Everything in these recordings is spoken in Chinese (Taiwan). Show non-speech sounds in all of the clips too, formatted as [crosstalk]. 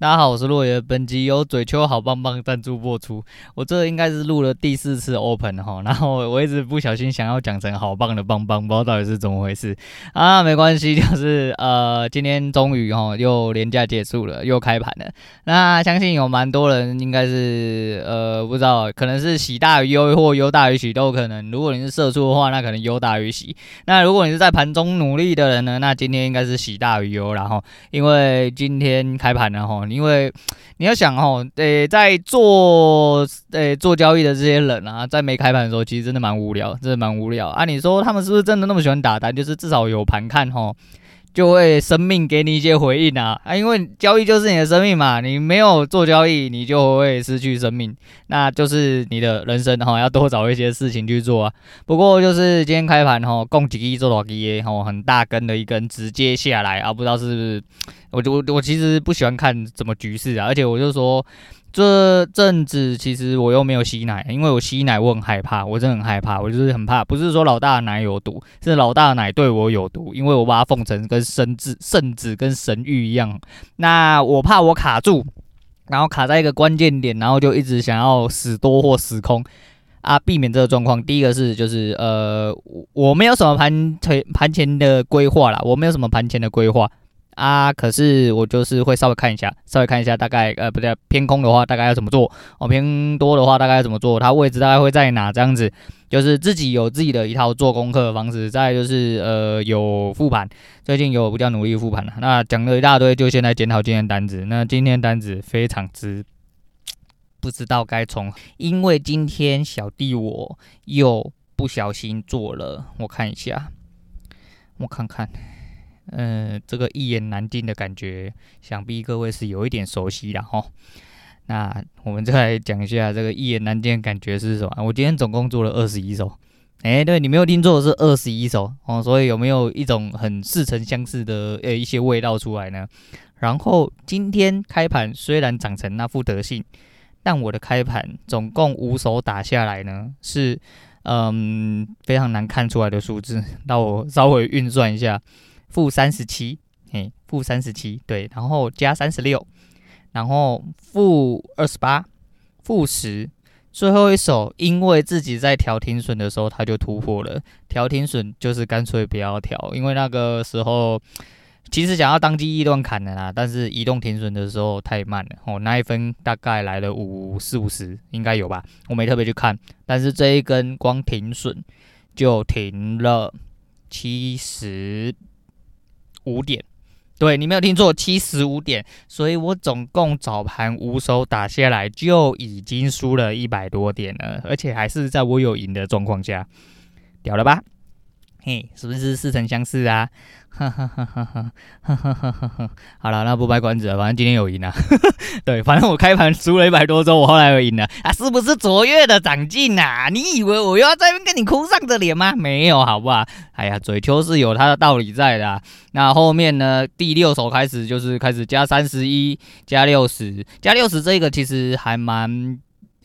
大家好，我是落爺。本集由嘴秋好棒棒贊助播出。我這應該是錄了第四次 open 吼，然後我一直不小心想要講成“好棒”的“棒棒”，不知道到底是怎麼回事啊？沒關係，就是呃，今天終於吼又連假結束了，又開盤了。那相信有蠻多人應該是呃，不知道，可能是喜大於憂或憂大於喜都有可能。如果你是社畜的話，那可能憂大於喜；那如果你是在盤中努力的人呢，那今天應該是喜大於憂。然後，因為今天開盤了吼。因為你要想哦，呃，在做呃做交易的這些人啊，在沒開盤的時候，其實真的蠻無聊，真的蠻無聊啊！你說他們是不是真的那麼喜歡打單？就是至少有盤看哦。就會生命給你一些回應啊啊！因為交易就是你的生命嘛，你沒有做交易，你就會失去生命，那就是你的人生哈，要多找一些事情去做啊。不過就是今天開盤哈，共幾個億做倒哈，很大根的一根直接下來啊，不知道是不是？我我我其實不喜歡看怎麼局勢啊，而且我就說。這陣子其實我又沒有吸奶，因為我吸奶我很害怕，我真的很害怕，我就是很怕。不是說老大的奶有毒，是老大的奶對我有毒，因為我把它奉成跟神旨、聖子跟神諭一樣。那我怕我卡住，然後卡在一個關鍵點，然後就一直想要死多或死空啊，避免這個狀況。第一個是就是呃，我沒有什麼盤前盤前的規劃啦，我沒有什麼盤前的規劃。啊，可是我就是會稍微看一下，稍微看一下，大概呃，不對，啊，偏空的話大概要怎麼做？哦，偏多的話大概要怎麼做？它位置大概會在哪？這樣子，就是自己有自己的一套做功課的方式。再來就是呃，有複盤，最近有比較努力複盤了。那講了一大堆，就先來檢討今天單子。那今天單子非常之，不知道該從，因為今天小弟我又不小心做了，我看一下，我看看。嗯、呃，這個一言難盡的感覺，想必各位是有一點熟悉了。哈。那我們再來講一下這個一言難盡的感覺是什麼。我今天總共做了二十一手，誒、欸，對你沒有聽錯，是二十一手哦。所以有沒有一種很似曾相識的呃、欸、一些味道出來呢？然後今天開盤雖然漲成那副德性，但我的開盤總共五手打下來呢，是嗯非常難看出來的數字。那我稍微運算一下。負三十七，37，嘿，負三十七，對，然後加三十六，然後負二十八，負十，最後一手，因為自己在調停損的時候，它就突破了。調停損就是乾脆不要調，因為那個時候其實想要當機立斷砍的啦。但是移動停損的時候太慢了。哦，那一分大概來了五四五十，應該有吧？我沒特別去看，但是這一根光停損就停了七十。五點，對，你沒有聽錯，七十五點，所以我總共早盤五手打下來就已經輸了一百多點了，而且還是在我有贏的狀況下，屌了吧？嘿，hey, 是不是似曾相識啊？哈哈哈哈哈，哈哈哈哈哈。好了，那不掰關子了，反正今天有贏啊。 [laughs] 對，反正我開盤輸了一百多周，我後來又贏了啊，是不是卓越的長進啊？你以為我又要在跟你哭喪着臉嗎？沒有，好吧。哎呀，嘴秋是有它的道理在的，啊。那後面呢？第六手開始就是開始加三十一，加六十，加六十這個其實還蠻誒，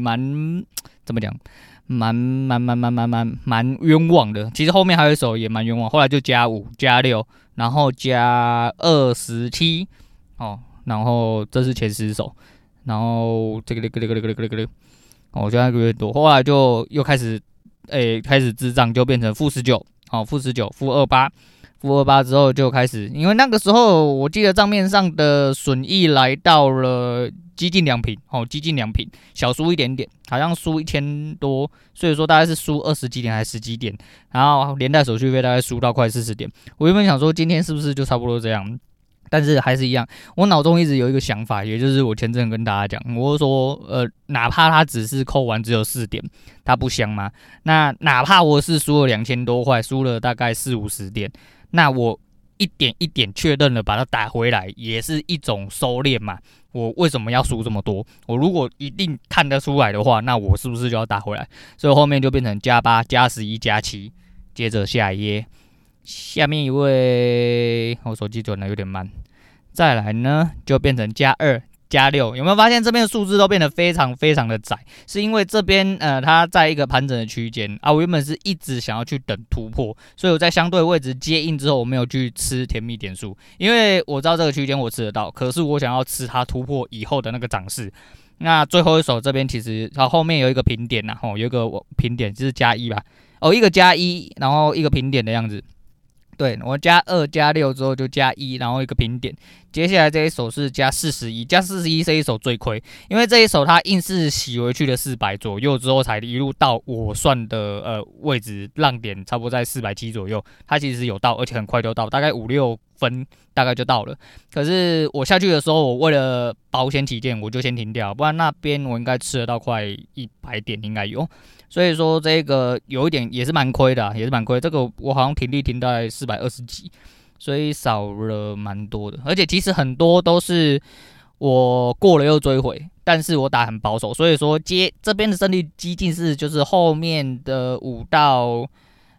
蠻、欸、怎麼講？蠻蠻蠻蠻蠻蠻蠻冤枉的，其實後面還有一手也蠻冤枉，後來就加五加六，然後加二十七，哦，然後這是前十手，然後這個這個這個這個這個這個，哦，我覺得那個有點多，後來就又開始，哎、欸，開始滯漲就變成負十九，19, 哦，負十九，負二八，負二八之後就開始，因為那個時候我記得賬面上的損益來到了。幾近兩平哦，幾近兩平，小輸一點點，好像輸一千多，所以說大概是輸二十幾點還是十幾點，然後連帶手續費大概輸到快四十點。我原本想說今天是不是就差不多這樣，但是還是一樣，我腦中一直有一個想法，也就是我前陣跟大家講，我說呃，哪怕它只是扣完只有四點，它不香嗎？那哪怕我是輸了兩千多塊，輸了大概四五十點，那我。一點一點確認了，把它打回來也是一種收斂嘛。我為什麼要輸這麼多？我如果一定看得出來的話，那我是不是就要打回來？所以後面就變成加八、加十一、加七，7接着下一頁。下面一位，我手機轉的有點慢，再來呢就變成加二。2加六，有沒有發現這邊的數字都變得非常非常的窄？是因為這邊呃它在一個盤整的區間啊。我原本是一直想要去等突破，所以我在相對位置接應之後，我沒有去吃甜蜜點數，因為我知道這個區間我吃得到，可是我想要吃它突破以後的那個漲勢。那最後一手這邊其實它後面有一個平點，啊，然後有一個，哦，平點就是加一吧，哦一個加一，然後一個平點的樣子。對，我加二加六之後就加一，然後一個平點。接下來這一手是加四十一，加四十一這一手最虧，因為這一手它硬是洗回去了四百左右之後，才一路到我算的呃位置浪點，差不多在四百七左右。它其實有到，而且很快就到，大概五六分大概就到了。可是我下去的時候，我為了保險起見，我就先停掉，不然那邊我應該吃得到快一百點應該有。所以說這個有一點也是蠻虧的、啊，也是蠻虧。這個我好像停利停在四百二十幾。所以少了蠻多的，而且其實很多都是我過了又追回，但是我打很保守，所以說接這邊的勝率激進是就是後面的五到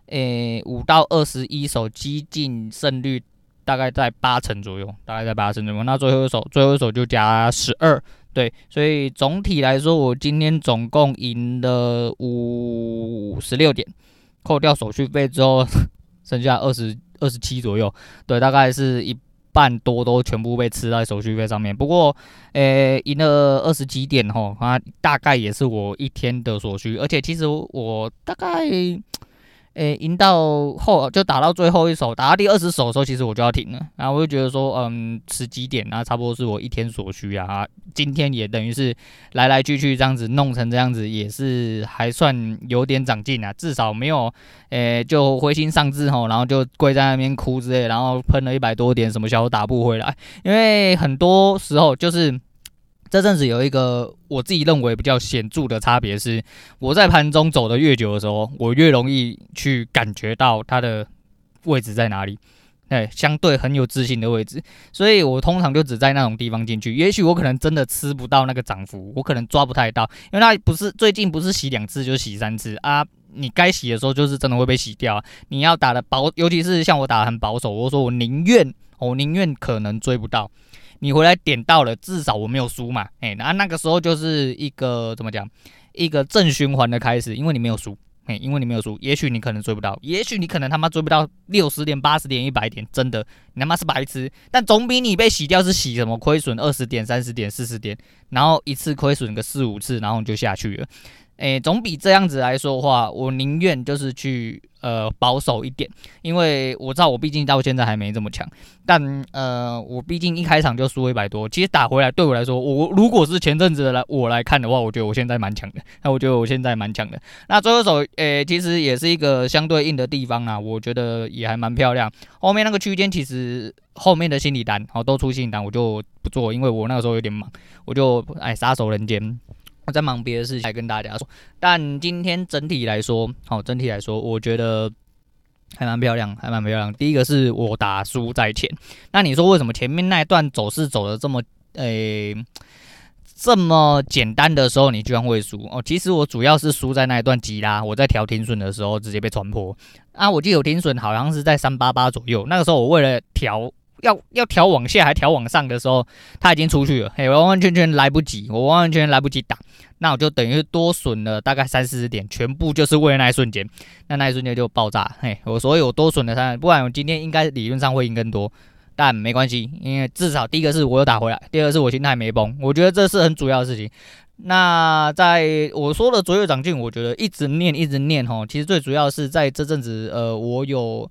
誒五到二十一手激進勝率大概在八成左右，大概在八成左右。那最後一手，最後一手就加十二，對，所以總體來說我今天總共贏了五十六點，扣掉手續費之後。剩下二十二十七左右，對，大概是一半多都全部被吃在手續費上面。不過，誒、欸，贏了二十幾點吼，它、啊、大概也是我一天的所需。而且，其實我，我大概。誒，贏、欸、到後就打到最後一手，打到第二十手的時候，其實我就要停了。然後我就覺得說，嗯，十幾點啊，差不多是我一天所需啊。今天也等於是來來去去這樣子弄成這樣子，也是還算有點長進啊。至少沒有誒、欸，就灰心喪志吼，然後就跪在那邊哭之類，然後噴了一百多點什麼小，打不回來。因為很多時候就是。這陣子有一個我自己認為比較顯著的差別是，我在盤中走得越久的時候，我越容易去感覺到它的位置在哪裡，哎，相對很有自信的位置，所以我通常就只在那種地方進去。也許我可能真的吃不到那個漲幅，我可能抓不太到，因為它不是最近不是洗兩次就是洗三次啊，你該洗的時候就是真的會被洗掉啊，你要打的保，尤其是像我打得很保守，我說我寧願我寧願可能追不到，你回來點到了，至少我沒有輸嘛，誒，然後那個時候就是一個怎麼講，一個正循環的開始，因為你沒有輸，誒，因為你沒有輸，也許你可能追不到，也許你可能他媽追不到六十點、八十點、一百點，真的，你他媽是白痴，但總比你被洗掉是洗什麼虧損二十點、三十點、四十點，然後一次虧損個四五次，然後你就下去了。誒，欸、總比這樣子來說的話，我寧願就是去呃保守一點，因為我知道我畢竟到現在還沒這麼強。但呃，我畢竟一開場就輸一百多，其實打回來對我來說，我如果是前陣子來我來看的話，我覺得我現在蠻強的。那我覺得我現在蠻強的。那最後手，誒，其實也是一個相對硬的地方啊，我覺得也還蠻漂亮。後面那個區間其實後面的心理單哦都出心理單，我就不做，因為我那個時候有點忙，我就哎撒手人間。我在忙別的事情，還跟大家說。但今天整體來說，哦，整體來說，我覺得還蠻漂亮，還蠻漂亮。第一個是我打輸在前，那你說為什麼前面那一段走勢走的這麼誒、欸、這麼簡單的時候，你居然會輸？哦，其實我主要是輸在那一段急拉，我在調停損的時候直接被穿破。啊，我記得有停損好像是在三八八左右，那個時候我為了調。要要調往下還調往上的時候，他已經出去了，嘿，完完全全來不及，我完完全全來不及打，那我就等於多損了大概三四十點，全部就是為了那一瞬間，那那一瞬間就爆炸，嘿，我所以我多損了三十，不然我今天應該理論上會贏更多，但沒關係，因為至少第一個是我有打回來，第二個是我心態沒崩，我覺得這是很主要的事情。那在我說的左右長進，我覺得一直念一直念吼，其實最主要是在這陣子，呃，我有。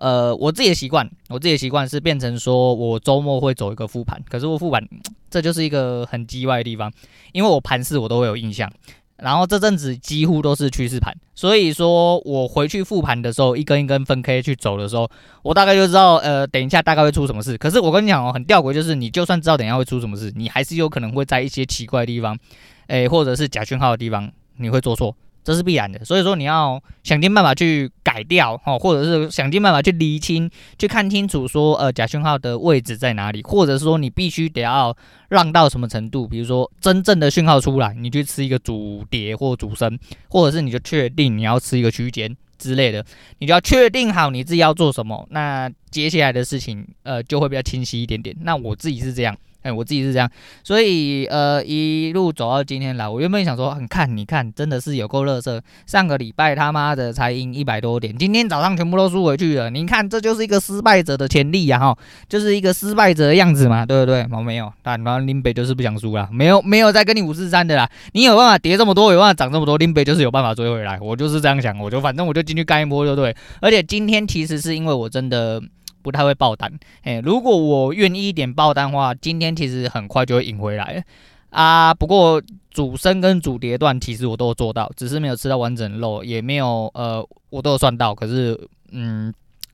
呃，我自己的習慣，我自己的習慣是變成說我周末會走一個復盤，可是我復盤，這就是一個很雞歪的地方，因為我盤勢我都會有印象，然後這陣子幾乎都是趨勢盤，所以說我回去復盤的時候，一根一根分 K 去走的時候，我大概就知道，呃，等一下大概會出什麼事。可是我跟你講哦、喔，很吊詭，就是你就算知道等一下會出什麼事，你還是有可能會在一些奇怪的地方，誒、欸，或者是假訊號的地方，你會做錯。這是必然的，所以說你要想盡辦法去改掉哦，或者是想盡辦法去釐清，去看清楚說呃假訊號的位置在哪裡，或者是說你必須得要讓到什麼程度，比如說真正的訊號出來，你去吃一個主跌或主升，或者是你就確定你要吃一個區間之類的，你就要確定好你自己要做什麼，那接下來的事情呃就會比較清晰一點點。那我自己是這樣。誒、欸，我自己是這樣，所以呃，一路走到今天來，我原本想說，很、啊、看你看，真的是有夠垃圾。上個禮拜他媽的才贏一百多點，今天早上全部都輸回去了。你看，這就是一個失敗者的潛力啊，齁，就是一個失敗者的樣子嘛，對不對？我、哦、沒有，但林北就是不想輸啦，沒有沒有再跟你五四三的啦。你有辦法疊這麼多，有辦法漲這麼多，林北就是有辦法追回來。我就是這樣想，我就反正我就進去幹一波就對。而且今天其實是因為我真的。不太會爆單，誒，如果我願意一點爆單的話，今天其實很快就會贏回來啊。不過主升跟主跌段其實我都有做到，只是沒有吃到完整的肉，也沒有呃，我都有算到，可是嗯，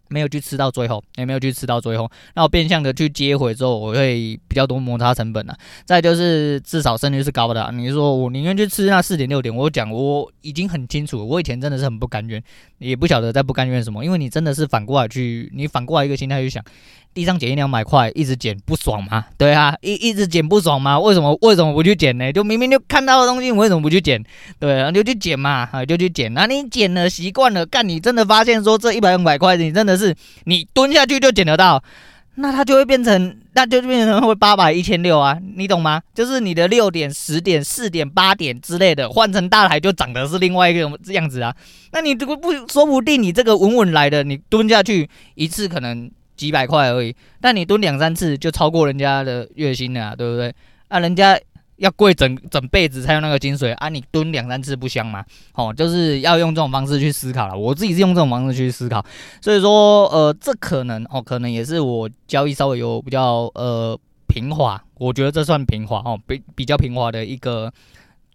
沒有去吃到最後，也沒有去吃到最後，那我變相的去接回之後，我會比較多摩擦成本啊。再就是至少勝率是高的啊，你說我寧願去吃那四點六點，我講我已經很清楚，我以前真的是很不甘願。也不曉得在不甘願什麼，因為你真的是反過來去，你反過來一個心態去想，地上撿一兩百塊，一直撿不爽嗎？對啊，一一直撿不爽嗎？為什麼為什麼不去撿呢？就明明就看到的東西，為什麼不去撿？對啊，就去撿嘛，啊，就去撿。那，啊，你撿了習慣了，看你真的發現說這一百兩百塊，你真的是你蹲下去就撿得到，那它就會變成，那就變成會八百一千六啊，你懂嗎？就是你的六點、十點、四點、八點之類的，換成大台就漲的是另外一個這樣子啊。那你這個不,不說不定你這個穩穩來的，你蹲下去一次可能幾百塊而已，但你蹲兩三次就超過人家的月薪了啊，對不對？啊，人家。要跪整整輩子才用那個金水啊！你蹲兩三次不香嗎？哦，就是要用這種方式去思考了。我自己是用這種方式去思考，所以說，呃，這可能哦，可能也是我交易稍微有比較呃平滑，我覺得這算平滑哦，比比較平滑的一個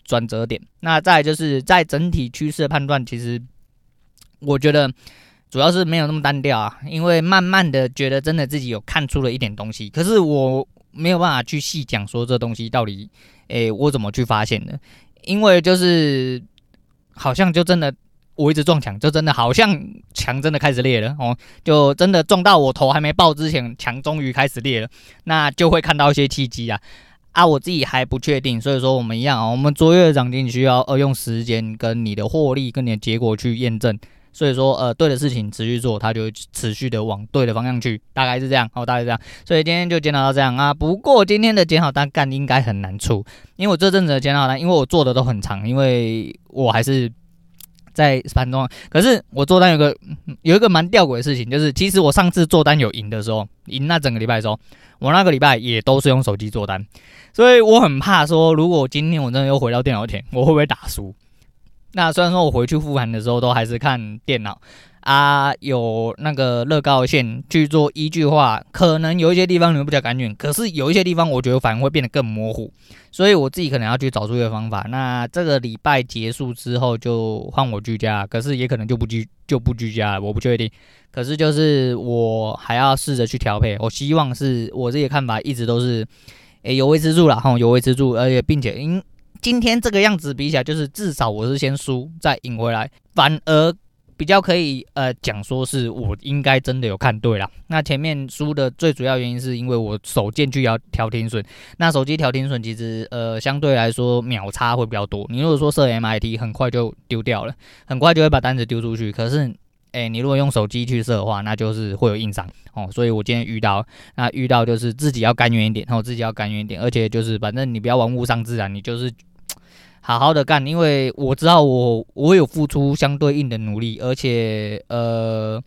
轉折點。那再來就是在整體趨勢的判斷，其實我覺得主要是沒有那麼單調啊，因為慢慢的覺得真的自己有看出了一點東西。可是我。沒有辦法去細講說這東西到底，哎，我怎麼去發現的？因為就是好像就真的，我一直撞牆，就真的好像牆真的開始裂了哦，就真的撞到我頭還沒爆之前，牆終於開始裂了，那就會看到一些契機啊啊！我自己還不確定，所以說我們一樣啊、哦，我們卓越的長進需要呃用時間跟你的獲利跟你的結果去驗證。所以說，呃，對的事情持續做，他就持續的往對的方向去，大概是這樣，好、哦，大概是這樣。所以今天就檢討到這樣啊。不過今天的檢討單干應該很難出，因為我這陣子的檢討單，因為我做的都很長，因為我還是在盤中。可是我做單有一個有一個蠻吊詭的事情，就是其實我上次做單有贏的時候，贏那整個禮拜的時候，我那個禮拜也都是用手機做單，所以我很怕說，如果今天我真的又回到電腦前，我會不會打輸？那雖然說我回去復盤的時候都還是看電腦，啊，有那個樂高線去做一句話，可能有一些地方你們比較感性，可是有一些地方我覺得反而會變得更模糊，所以我自己可能要去找出一個方法。那這個禮拜結束之後就換我居家，可是也可能就不居就不居家，我不確定。可是就是我還要試着去調配，我希望是我自己的看法一直都是、欸，誒有維持住了哈，有維持住而且並且因。今天這個樣子比起來，就是至少我是先輸再贏回來，反而比較可以呃講說是我應該真的有看對啦。那前面輸的最主要原因是因為我手賤去要調停損，那手機調停損其實呃相對來說秒差會比較多。你如果說設 MIT，很快就丟掉了，很快就會把單子丟出去。可是誒、欸，你如果用手機去設的話，那就是會有硬傷哦。所以我今天遇到那遇到就是自己要甘願一點，然後自己要甘願一點，而且就是反正你不要玩物喪志啊，你就是。好好的幹，因為我知道我我有付出相對應的努力，而且呃，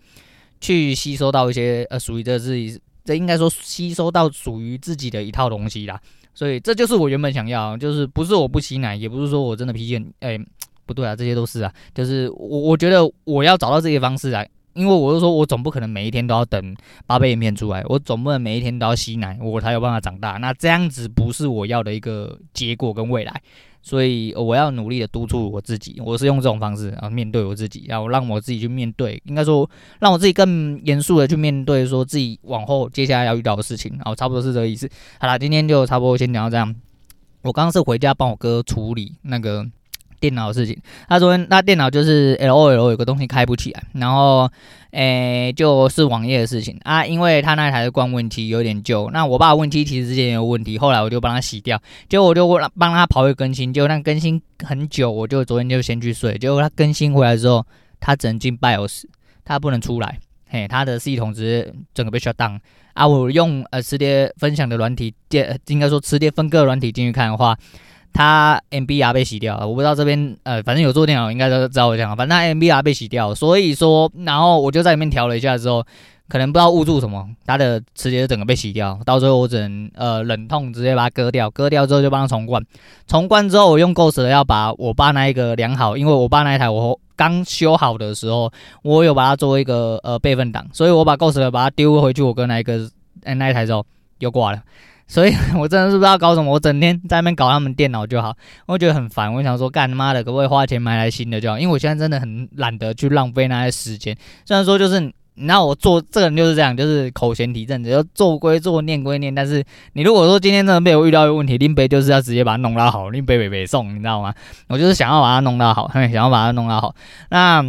去吸收到一些呃屬於自己，這應該說吸收到屬於自己的一套東西啦。所以這就是我原本想要，就是不是我不吸奶，也不是說我真的脾氣很，哎，不對啊，這些都是啊，就是我我覺得我要找到這些方式來，因為我是說我總不可能每一天都要等八倍面出來，我總不能每一天都要吸奶我才有辦法長大。那這樣子不是我要的一個結果跟未來。所以我要努力的督促我自己，我是用這種方式啊面對我自己，要讓我自己去面對，應該說讓我自己更嚴肅的去面對，說自己往後接下來要遇到的事情啊，差不多是這個意思。好啦，今天就差不多先講到這樣。我剛剛是回家幫我哥處理那個。電腦的事情，他昨天那電腦就是 LOL 有個東西開不起來，然後誒、欸、就是網頁的事情啊，因為他那台的光問題有點舊，那我爸的問題其實之前也有問題，後來我就幫他洗掉，結果我就幫幫他跑一更新，結果那更新很久，我就昨天就先去睡，結果他更新回來之後，他只能進 BIOS，他不能出來，嘿，他的系統直接整個被 shut down 啊，我用呃磁碟分享的軟體進，應該說磁碟分割軟體進去看的話，它 M B R 被洗掉了，我不知道這邊呃，反正有做電腦應該都知道我這樣，反正他 M B R 被洗掉，所以說，然後我就在裡面調了一下之後，可能不知道誤觸什麼，它的磁碟整個被洗掉。到時候我只能呃忍痛直接把它割掉，割掉之後就幫它重灌。重灌之後我用 Ghost 要把我爸那一個良好，因為我爸那一台我剛修好的時候，我有把它作為一個呃備份檔，所以我把 Ghost 把它丟回去我哥那一個那一台之後又掛了。所以我真的是不知道搞什麼，我整天在那邊搞他們電腦就好，我覺得很煩。我想說，幹他媽的，可不可以花錢買來新的就好？因為我現在真的很懶得去浪費那些時間。雖然說就是，你知道我做這個人就是這樣，就是口嫌體正直，只做歸做，念歸念。但是你如果說今天真的被我遇到一個問題，拎杯就是要直接把它弄拉好，拎杯杯杯送，你知道嗎？我就是想要把它弄拉好，哼，想要把它弄拉好。那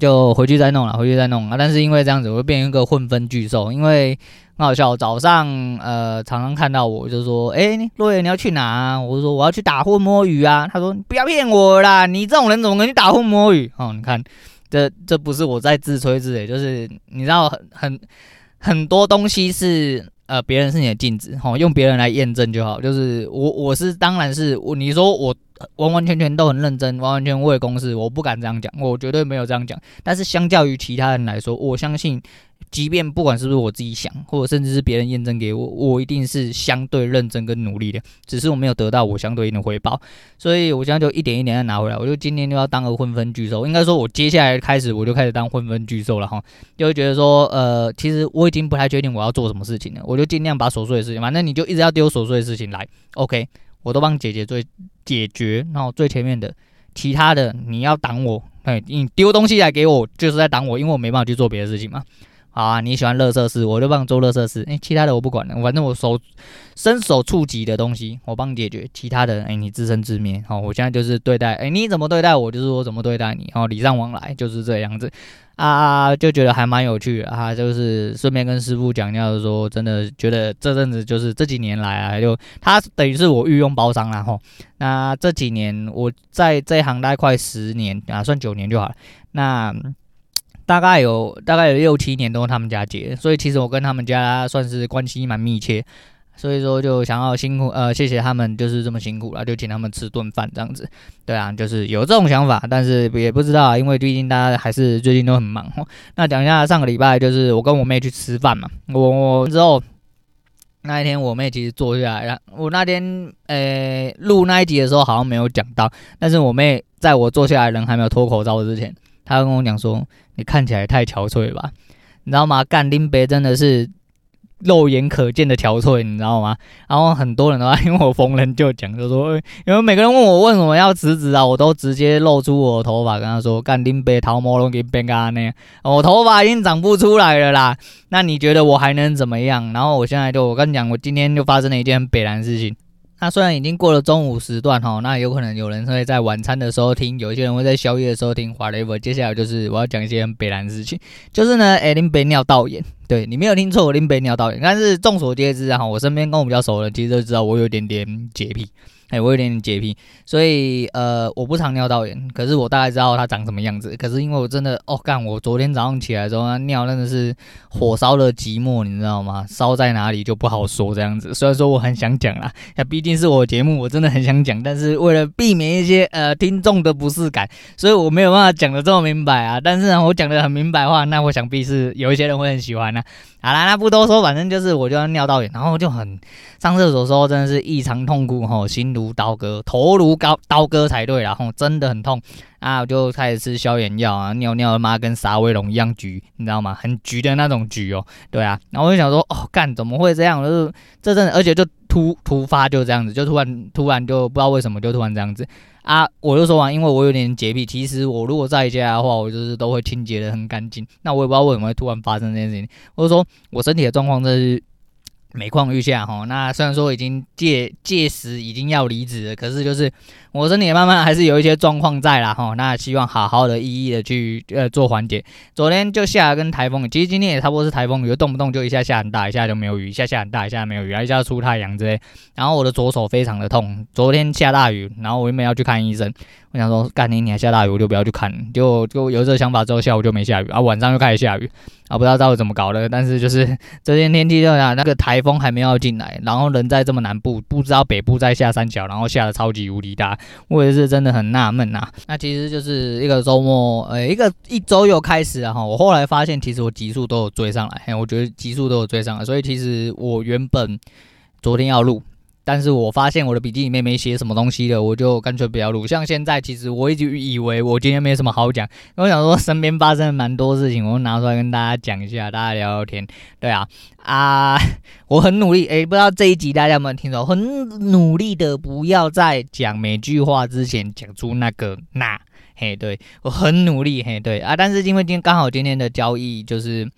就回去再弄了，回去再弄了。但是因為這樣子，我會變成一個混分巨獸，因為。很好笑，早上呃，常常看到我就說：“誒，落葉，你要去哪啊？”我說：“我要去打混摸魚啊。”他說：“不要騙我啦，你這種人怎麼可以打混摸魚？”哦，你看，這這不是我在自吹自擂，就是你知道很很很多東西是呃，別人是你的鏡子，哦，用別人來驗證就好。就是我我是當然是，是你說我完完全全都很認真，完完全全為公司，我不敢這樣講，我絕對沒有這樣講。但是相較於其他人來說，我相信。即便不管是不是我自己想，或者甚至是別人驗證給我，我一定是相對認真跟努力的。只是我沒有得到我相對應的回報，所以我現在就一點一點的拿回來。我就今天就要當個混分巨獸，應該說，我接下來開始我就開始當混分巨獸了哈。就會覺得說，呃，其實我已經不太確定我要做什麼事情了。我就盡量把瑣碎的事情，反正你就一直要丟瑣碎的事情來。OK，我都幫姐姐最解決。然後最前面的，其他的你要擋我，哎，你丟東西來給我，就是在擋我，因為我沒辦法去做別的事情嘛。好啊，你喜歡樂色事，我就幫你做樂色事。誒、欸，其他的我不管了，反正我手伸手觸及的東西，我幫你解決。其他的，誒、欸，你自生自滅。好，我現在就是對待，誒、欸，你怎麼對待我，就是我怎麼對待你。哦，禮尚往來就是這樣子。啊，就覺得還蠻有趣的啊。就是順便跟師傅講一下，說真的覺得這陣子就是這幾年來啊，就他等於是我御用包商了吼，那這幾年我在這一行待快十年啊，算九年就好了。那，大概有大概有六七年，都是他們家接，所以其實我跟他們家算是關係蠻密切，所以說就想要辛苦呃謝謝他們就是這麼辛苦了，就請他們吃頓飯這樣子，對啊，就是有這種想法，但是也不知道，因為最近大家還是最近都很忙。那講一下上個禮拜就是我跟我妹去吃飯嘛我，我之後那一天我妹其實坐下來了，我那天呃錄、欸、那一集的時候好像沒有講到，但是我妹在我坐下來人還沒有脫口罩之前。他跟我講說：“你看起來太憔悴吧？你知道嗎？幹丁白真的是肉眼可見的憔悴，你知道嗎？然後很多人的話，因為我逢人就講，就說因為、欸、每個人問我為什麼要辭職啊，我都直接露出我的頭髮，跟他說：幹丁白桃毛龍給變咖內，我頭髮已經長不出來了啦。那你覺得我還能怎麼樣？然後我現在就我跟你講，我今天就發生了一件很北蘭的事情。”那雖然已經過了中午時段哈，那有可能有人會在晚餐的時候聽，有一些人會在宵夜的時候聽 whatever。接下來就是我要講一些很北爛的事情，就是呢，欸、林北尿道炎，對你沒有聽錯，林北尿道炎。但是眾所皆知啊，我身邊跟我比較熟的其實都知道我有點點潔癖。哎、欸，我有點，點解潔癖，所以呃，我不常尿道炎，可是我大概知道它長什麼樣子。可是因為我真的哦，幹，我昨天早上起來的時候，那尿真的是火燒的寂寞，你知道嗎？燒在哪裡就不好說，這樣子。雖然說我很想講啦，那、啊、畢竟是我節目，我真的很想講，但是為了避免一些呃聽眾的不適感，所以我沒有辦法講得這麼明白啊。但是呢、啊，我講得很明白的話，那我想必是有一些人會很喜歡的、啊。好啦，那不多說，反正就是我就要尿道炎，然後就很上廁所時候真的是異常痛苦，吼、哦，心如刀割，頭如刀刀割才對。然後、哦、真的很痛啊，我就開始吃消炎藥啊，尿尿他媽跟沙威隆一樣橘，你知道嗎？很橘的那種橘哦，對啊，然後我就想說，哦，幹怎麼會這樣？就是這這陣子而且就。突突發就這樣子，就突然突然就不知道為什麼就突然這樣子啊！我就說完，因為我有點潔癖。其實我如果在家的話，我就是都會清潔得很乾淨。那我也不知道為什麼會突然發生這件事情，或者說我身體的狀況就是。每況愈下吼，那雖然說已經屆屆時已經要離職了，可是就是我身體也慢慢還是有一些狀況在啦。吼，那希望好好的一一的去呃做緩解。昨天就下了跟台風雨，其實今天也差不多是台風雨，動不動就一下下很大，一下就沒有雨，一下下很大，一下沒有雨還一下出太陽之類。然後我的左手非常的痛，昨天下大雨，然後我原本要去看醫生，我想說，幹你你還下大雨，我就不要去看，就就有這想法之後，下午就沒下雨，啊晚上又開始下雨。啊，不知道到底怎麼搞的，但是就是這天天氣熱啊，那個台風還沒有進來，然後人在這麼南部，不知道北部在下三角，然後下得超級無敵大，我也是真的很納悶啊。那其實就是一個周末，呃、欸，一個一周又開始啊。我後來發現，其實我極速都有追上來，欸、我覺得極速都有追上來，所以其實我原本昨天要錄。但是我發現我的筆記裡面沒寫什麼東西的，我就乾脆不要錄。像現在，其實我一直以為我今天沒什麼好講，因為我想說身邊發生了蠻多事情，我拿出來跟大家講一下，大家聊聊天。對啊，啊，我很努力。誒、欸，不知道這一集大家有沒有聽到？很努力的，不要在講每句話之前講出那個“那”。嘿，對我很努力。嘿，對啊，但是因為今天剛好今天的交易就是。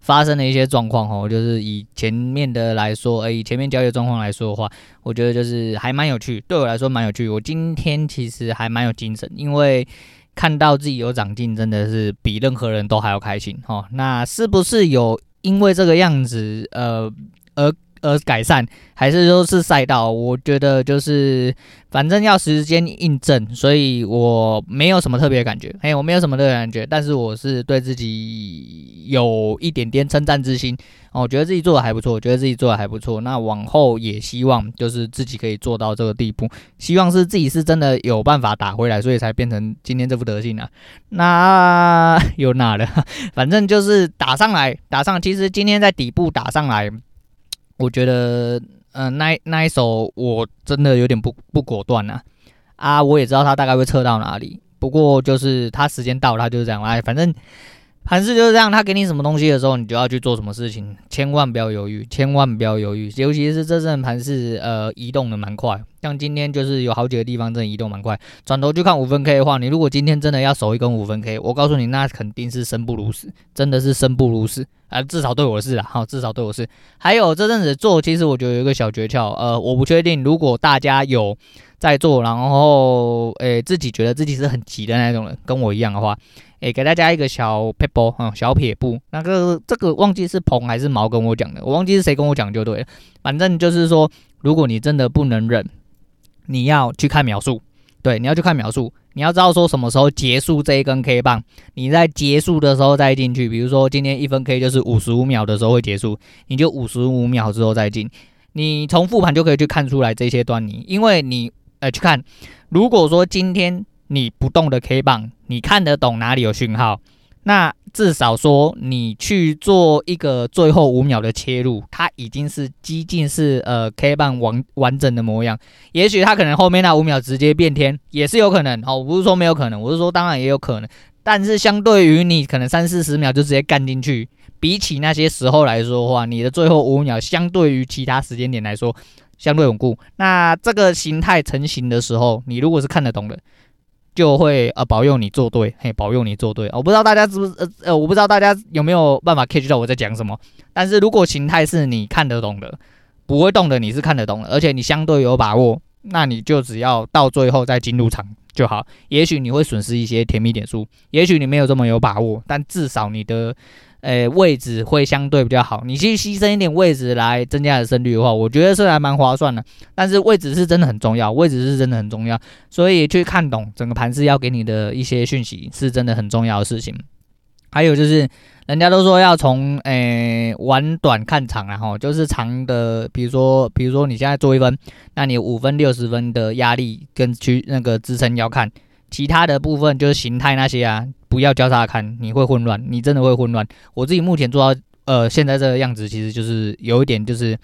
發生的一些狀況哦，就是以前面的來說，呃，以前面交易狀況來說的話，我覺得就是還蠻有趣，對我來說蠻有趣。我今天其實還蠻有精神，因為看到自己有長進，真的是比任何人都還要開心哦，那是不是有因為這個樣子，呃，而？呃，而改善還是說是賽道，我覺得就是反正要時間印證，所以我沒有什麼特別感覺，嘿，我沒有什麼特別感覺，但是我是對自己有一點點稱讚之心，我覺得自己做的還不錯，我覺得自己做的還不錯，那往後也希望就是自己可以做到這個地步，希望是自己是真的有辦法打回來，所以才變成今天這副德行啊。那有哪了？反正就是打上來，打上，其實今天在底部打上來。我覺得，嗯、呃，那一那一手我真的有點不不果斷吶、啊，啊，我也知道他大概會撤到哪裡，不過就是他時間到他就是這樣、啊，哎，反正。盤勢就是這樣，他給你什麼東西的時候，你就要去做什麼事情，千萬不要猶豫，千萬不要猶豫。尤其是這陣盤勢呃，移動得蠻快，像今天就是有好幾個地方真的移動蠻快。轉頭去看五分 K 的話，你如果今天真的要守一根五分 K，我告訴你，那肯定是生不如死，真的是生不如死啊、呃！至少對我是啊，好，至少對我是。還有這陣子做，其實我覺得有一個小訣竅，呃，我不確定，如果大家有在做，然後誒、欸、自己覺得自己是很急的那種人，跟我一樣的話。誒、欸，給大家一個小撇步啊，小撇步。那個這個忘記是棚還是毛跟我講的，我忘記是誰跟我講就對了。反正就是說，如果你真的不能忍，你要去看秒數，對，你要去看秒數，你要知道說什麼時候結束這一根 K 棒，你在結束的時候再進去。比如說今天一分 K 就是五十五秒的時候會結束，你就五十五秒之後再進。你從複盤就可以去看出來這些端倪，因為你呃、欸、去看，如果說今天你不動的 K 棒。你看得懂哪裡有訊號？那至少說你去做一個最後五秒的切入，它已經是接近是呃 K 棒完完整的模樣。也許它可能後面那五秒直接變天，也是有可能。哦，我不是說沒有可能，我是說當然也有可能。但是相對於你可能三四十秒就直接幹進去，比起那些時候來說的話，你的最後五秒相對於其他時間點來說相對穩固。那這個形態成型的時候，你如果是看得懂的，就會呃保佑你做對，嘿保佑你做對。我、哦、不知道大家是不是呃，我不知道大家有沒有辦法 catch 到我在講什麼？但是如果形態是你看得懂的，不會動的，你是看得懂的，而且你相對有把握，那你就只要到最後再進入場就好。也許你會損失一些甜蜜點數，也許你沒有這麼有把握，但至少你的。誒、欸，位置會相對比較好。你去犧牲一點位置來增加你的勝率的話，我覺得是還蠻划算的。但是位置是真的很重要，位置是真的很重要。所以去看懂整個盤勢要給你的一些訊息是真的很重要的事情。還有就是，人家都說要從誒玩短看長然後就是長的，比如說，比如說你現在做一分，那你五分、六十分的壓力跟去那個支撐要看。其他的部分就是形態那些啊，不要交叉看，你會混亂，你真的會混亂。我自己目前做到呃，現在這個樣子，其實就是有一點就是，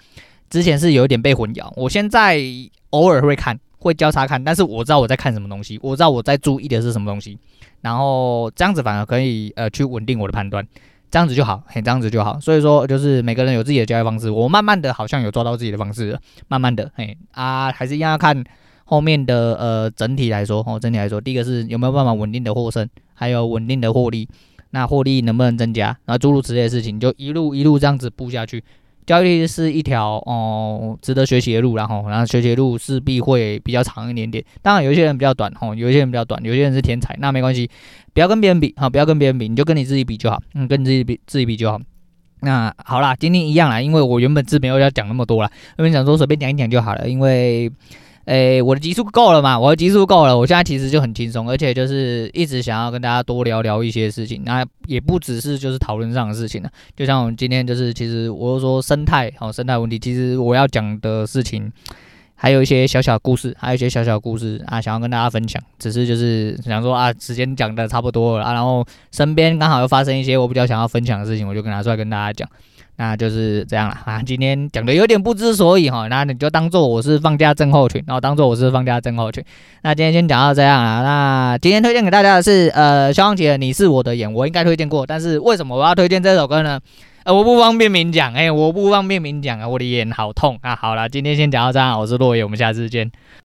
之前是有一點被混淆。我現在偶爾會看，會交叉看，但是我知道我在看什麼東西，我知道我在注意的是什麼東西，然後這樣子反而可以呃去穩定我的判斷，這樣子就好，很這樣子就好。所以說就是每個人有自己的交易方式，我慢慢的好像有抓到自己的方式，慢慢的誒啊，還是一樣要看。後面的呃，整體來說，哦、喔，整體來說，第一個是有沒有辦法穩定的獲勝，還有穩定的獲利，那獲利能不能增加，那諸如此類的事情，就一路一路這樣子布下去。交易是一條哦、嗯，值得學習的路啦，然、喔、後，然後學習的路勢必會比較長一點點。當然，有些人比較短，吼、喔，有些人比較短，有些人是天才，那沒關係，不要跟別人比，哈、喔，不要跟別人比，你就跟你自己比就好，嗯，跟你自己比，自己比就好。那好啦，今天一樣啦，因為我原本是沒有要講那麼多啦，因為想說隨便講一講就好了，因為。誒，我的集數夠了嘛？我的集數夠了，我現在其實就很輕鬆，而且就是一直想要跟大家多聊聊一些事情，那也不只是就是討論上的事情了。就像我們今天就是，其實我又說生態好、哦、生態問題，其實我要講的事情，還有一些小小故事，還有一些小小故事啊，想要跟大家分享。只是就是想說啊，時間講的差不多了啊，然後身邊剛好又發生一些我比較想要分享的事情，我就拿出來跟大家講。那就是這樣了啊！今天講的有點不知所以哈，那你就當做我是放假症候群，然後當做我是放假症候群。那今天先講到這樣啊！那今天推薦給大家的是，呃，蕭煌奇，你是我的眼，我應該推薦過，但是為什麼我要推薦這首歌呢？呃，我不方便明講，哎、欸，我不方便明講啊，我的眼好痛啊！好了，今天先講到這樣，我是落葉，我們下次見。